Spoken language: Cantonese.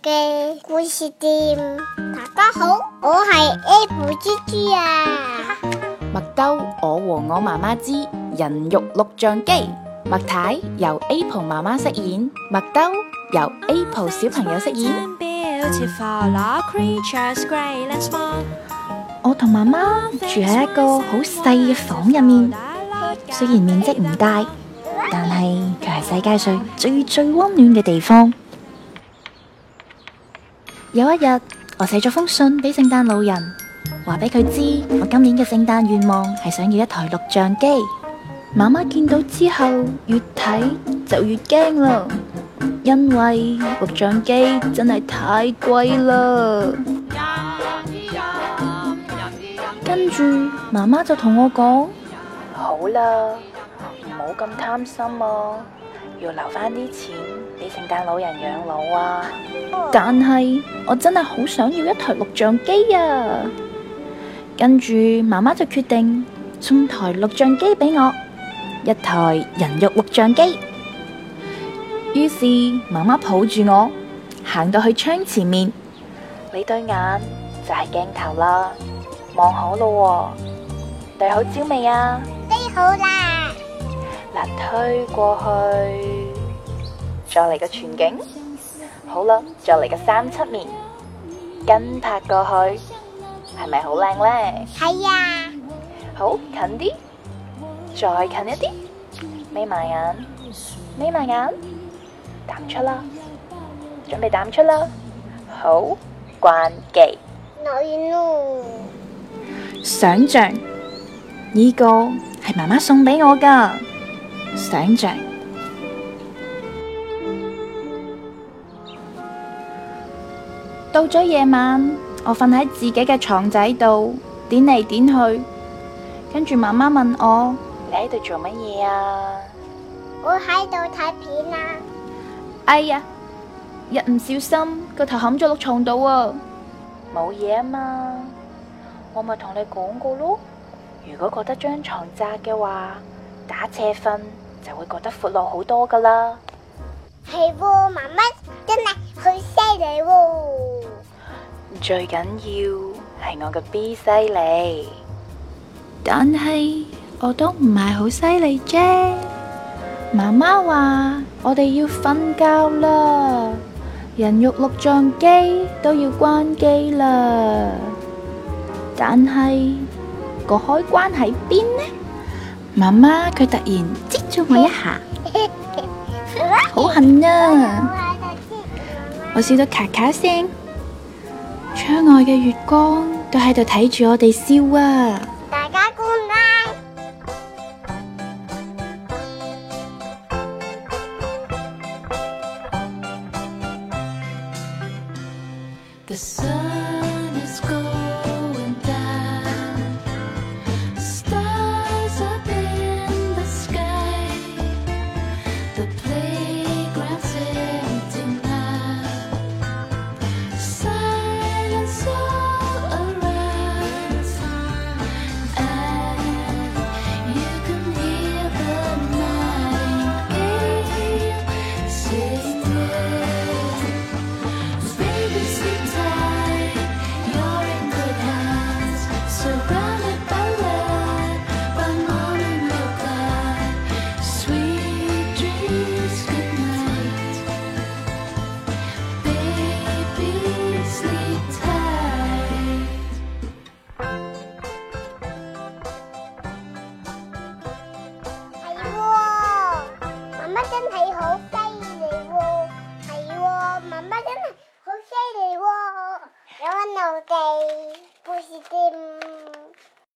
嘅故事店，大家好，我係 Apple 豬豬啊！麥兜，我和我媽媽之人肉錄像機，麥太由 Apple 媽媽飾演，麥兜由 Apple 小朋友飾演。我同媽媽住喺一個好細嘅房入面，雖然面積唔大，但係佢係世界上最最溫暖嘅地方。有一日，我寫咗封信俾聖誕老人，話俾佢知我今年嘅聖誕願望係想要一台錄像機。媽媽見到之後，越睇就越驚啦，因為錄像機真係太貴啦。跟住媽媽就同我講：好啦，唔好咁貪心啊！要留翻啲錢俾聖誕老人養老啊！但係我真係好想要一台錄像機啊！跟住媽媽就決定送台錄像機俾我，一台人肉錄像機。於是媽媽抱住我，行到去窗前面，你對眼就係鏡頭啦，望好咯，對好焦未啊？對好啦。嗱，推過去，再嚟個全景，好啦，再嚟個三七面，跟拍過去，係咪好靚咧？係啊，好近啲，再近一啲，眯埋眼，眯埋眼，淡出啦，準備淡出啦，好，關機，落雨咯，想象，呢個係媽媽送畀我噶。醒着，到咗夜晚，我瞓喺自己嘅床仔度，點嚟點去，跟住媽媽問我：你喺度做乜嘢啊？我喺度睇片啊！哎呀，一唔小心個頭冚咗落床度啊！冇嘢啊嘛？我咪同你講過咯，如果覺得張床窄嘅話，打斜瞓。就會覺得闊落好多噶啦，係喎，媽媽真係好犀利喎！最緊要係我嘅 B 犀利，但係我都唔係好犀利啫。媽媽話我哋要瞓覺啦，人肉錄像機都要關機啦，但係個開關喺邊呢？媽媽佢突然唧咗我一下，好痕啊！我笑到咔咔聲，窗外嘅月光都喺度睇住我哋笑啊！大家過來。